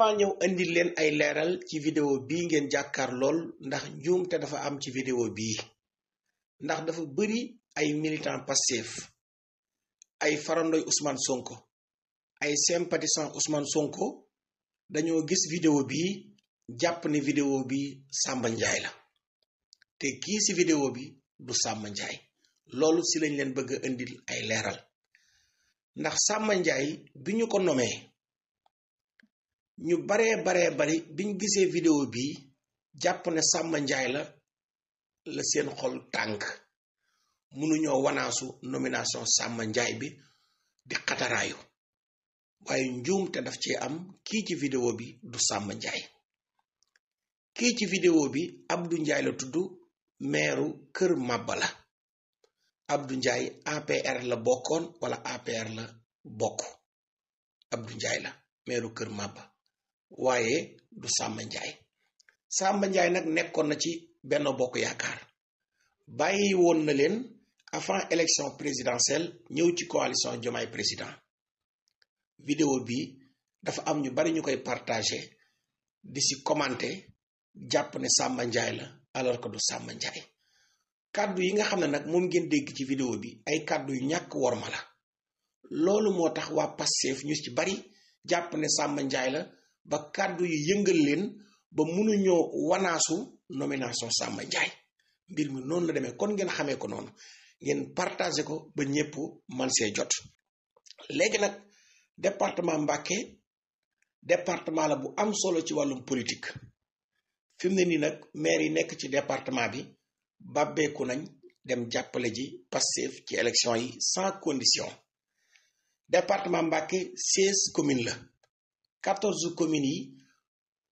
maa ñëw indi leen ay leeral ci vidéo bii ngeen jàkkaar lool ndax njuumte dafa am ci vidéo bii ndax dafa bari ay militant Pastef ay farandoy usman Sonko ay sympathisant Ousmane Sonko dañoo gis video bi jàpp ne vidéo bi Samba la te kii ci vidéo bi du Samba Ndiaye loolu ci lañ leen bëgg indi ay leeral ndax Samba Ndiaye bi ñu ko nomee ñu baree baree bari biñ gisee vidéo bii jàpp na Samba njaay la la seen xol tànk mënuñoo wanaasu nomination Samba Ndiaye bi di xataraayu waaye njuum te daf ci am kii ci vidéo bi du Samba Ndiaye kii ci vidéo bi Abdou Ndiaye la tudd meeru Kër Màbba la Abdou njaay APR la bokkoon wala APR la bokk Abdou Ndiaye la meeru Kër Màbba waaye du sàmm Ndiaye Samba Ndiaye nag nekkoon na ci benn bokk yaakaar bàyyi woon na leen avant élection présidentielle ñëw ci coalition Diomaye président vidéo bi dafa am ñu bari ñu koy partagé di si commenté jàpp ne Samba Ndiaye la alors que du Samba Ndiaye kàddu yi nga xam ne nag moom ngeen dégg ci vidéo bi ay kàddu yu ñàkk worma la loolu moo tax waa Pastef ñu ci bari jàpp ne Samba Ndiaye la ba kàddu yi yëngal leen ba mënuñoo wanaasu nomination Samba Ndiaye mbir mi noonu la demee kon ngeen xamee ko noonu ngeen partagé ko ba ñëpp man see jot léegi nag département Mbacké département la bu am solo ci wàllum politique fi mu ne nii nag maire yi nekk ci département bi bàbbeeku nañ dem jàppale ji Pastef ci élection yi sans condition département Mbacké seize communes la quatorze communes yi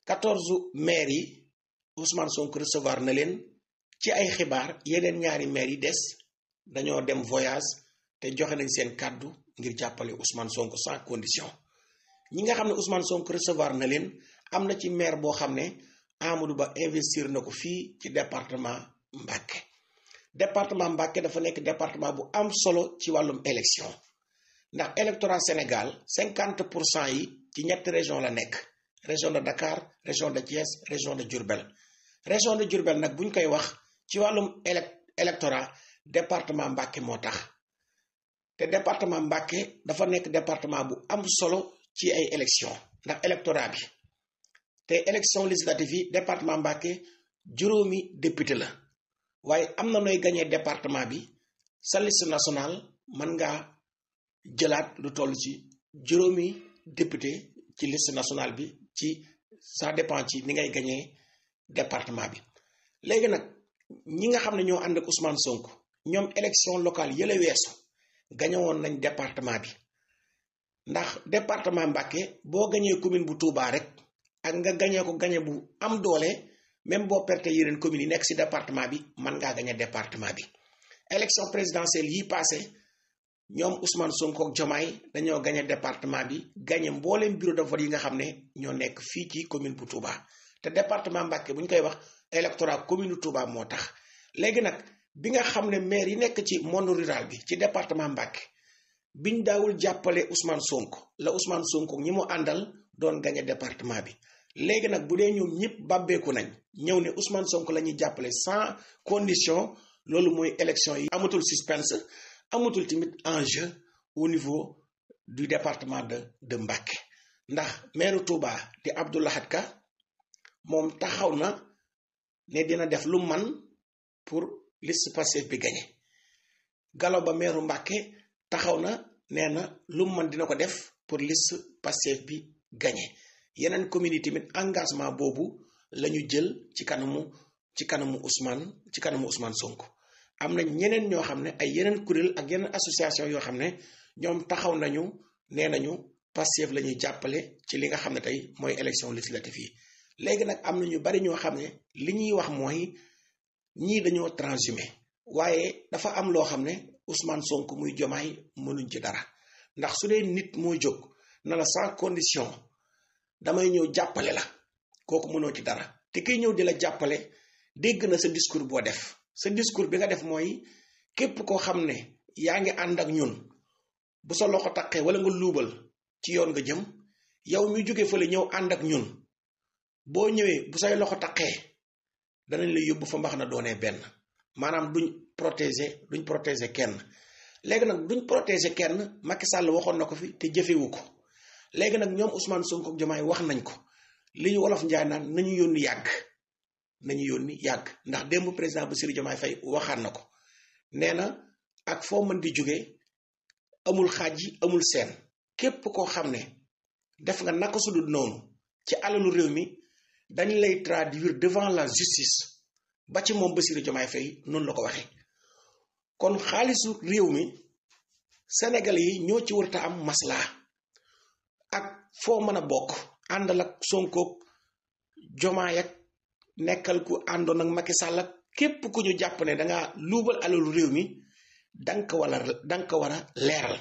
quatorze maires yi Ousmane Sonko recevoir na leen ci ay xibaar yeneen ñaari maires yi des dañoo dem voyage te joxe nañ seen kàddu ngir jàppale Ousmane Sonko sans condition ñi nga xam ne Ousmane sonk recevoir na leen am na ci maire boo xam ne Amadou Ba investir na ko fii ci département Mbacké département Mbacké dafa nekk département bu am solo ci wàllum élection ndax électorat Sénégal cinquante pour cent yi ci ñetti région la nekk région de Dakar région de Thiès région de Diourbel région de Diourbel nag buñ koy wax ci wàllum élec électorat département Mbacké moo tax te département Mbacké dafa nekk département bu am solo ci ay élection ndax électorat bi te élection législative yi département Mbacké juróomi député la waaye am na nooy gañee département bi sa liste nationale mën ngaa jëlaat lu toll ci juróomi député ci liste nationale bi ci sa dépend ci ni ngay gañee département bi léegi nag ñi nga xam ne ñoo ànd ak Ousmane Sonko ñoom élection locale yële weesu gañewoon nañ département bi ndax département Mbacké boo gañee commune bu Touba rek ak nga gañee ko gañe bu am doole même boo perte yeneen commune yi nekk ci département bi man ngaa gañe département bi élection présidentielle yi passé ñoom Ousmane Sonko ak Jomaay dañoo gagné département bi gagné mbooleem bureau de vote yi nga xam ne ñoo nekk fii ci commune bu Touba te département Mbacké bu ñu koy wax électorat commune Touba moo tax léegi nag bi nga xam ne maire yi nekk ci monde rural bi ci département Mbacké biñ daawul jàppale Ousmane Sonko la Ousmane Sonko ñi mu àndal doon gagné département bi léegi nag bu dee ñëw ñëpp bàbbeeku nañ ñëw ne Ousmane Sonko la ñuy jàppale sans condition loolu mooy élection yi amatul suspense amatul tamit enjeu au niveau du département de de Mbacké ndax maire Touba di Abdou Lahad Ka moom taxaw na ne dina def lu man pour liste Pastef bi gañe Gallo Ba maire Mbacké taxaw na nee na lu man dina ko def pour liste Pastef bi gañe yeneen communes yi tamit engagement boobu la ñu jël ci kanamu ci kanamu Ousmane ci kanamu Ousmane Sonko. am na ñeneen ñoo xam ne ay yeneen kuréel ak yeneen association yoo xam ne ñoom taxaw nañu nee nañu Pastef la ñuy jàppale ci li nga xam ne tey mooy élection législative yi léegi nag am na ñu bari ñoo xam ne li ñuy wax mooy ñii dañoo transhumé waaye dafa am loo xam ne Ousmane sonk muy jomaay mënuñ ci dara ndax su dee nit moo jóg na la sans condition damay ñëw jàppale la kooku mënoo ci dara te kiy ñëw di la jàppale dégg na sa discours boo def sa discours bi nga def mooy képp koo xam ne yaa ngi ànd ak ñun bu sa loxo taqee wala nga luubal ci yoon nga jëm yow mi jóge fële ñëw ànd ak ñun boo ñëwee bu say loxo taqee danañ la yóbbu fa mbax na doonee benn maanaam duñ protéger duñ protéger kenn léegi nag duñ protéger kenn Macky sàll waxoon na ko fi te jëfewu ko léegi nag ñoom Ousmane Sonko ak wax nañ ko li ñu wolof njaay naan nañu yónni yàgg nañu yoon yónni yàgg ndax démb président Bassirou Diomaye Faye waxaat na ko nee na ak foo mën di jóge amul xaaj yi amul seen képp koo xam ne def nga naka su noonu ci alalu réew mi dañ lay traduire devant la justice ba ci moom ba Bassirou Diomaye Faye noonu la ko waxee kon xaalisu réew mi Sénégal yi ñoo ci warta am masla ak foo mën a bokk àndal ak Sonko ak nekkal ku àndoon ak Macky Sall ak képp ku ñu jàpp ne dangaa luubal alalu réew mi danga ko war a danga ko war a leeral